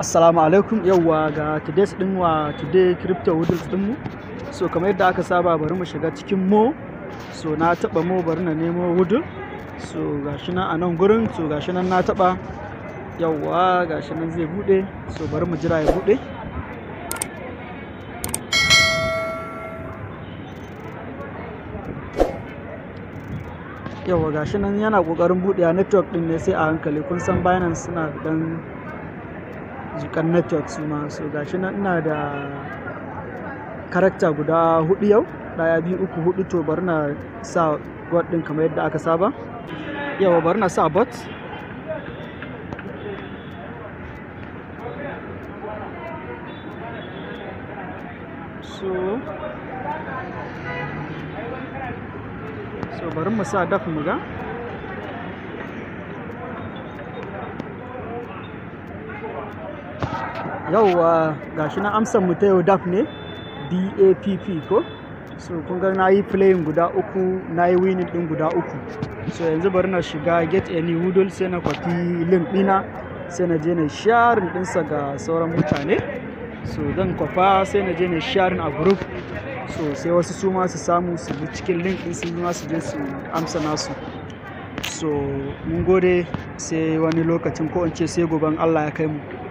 assalamu alaikum yauwa ga today's din wa today crypto hoodles din mu so kamar yadda aka saba bari mu shiga cikin mo so na taba mo bari na nemo hoodle so gashi nan a nan gurin so gashi nan na taba yauwa gashi nan zai bude so bari mu jira ya bude yauwa gashi nan yana kokarin buɗewa network din ne sai a hankali kun san binance suna dan jikan network su ma so gashi nan ina da karakta guda hudu yau daya biyu uku hudu to bari na sa bot din kamar yadda aka saba yawa bari na sa bot so so bari mu sa daf mu ga Yau ga shi na amsar mu ta yau daf ne dapp ko so kun ga na yi playin guda uku na yi winning din guda uku so yanzu bari na shiga get new woodle sai na kwafi link dina sai na je na sharing dinsa ga sauran mutane so zan kwafa sai na je na sharing a group so sai wasu su ma su samu su bi cikin link din su ma su je su amsa nasu so mun gode sai wani lokacin ko in ce sai goben Allah ya kai mu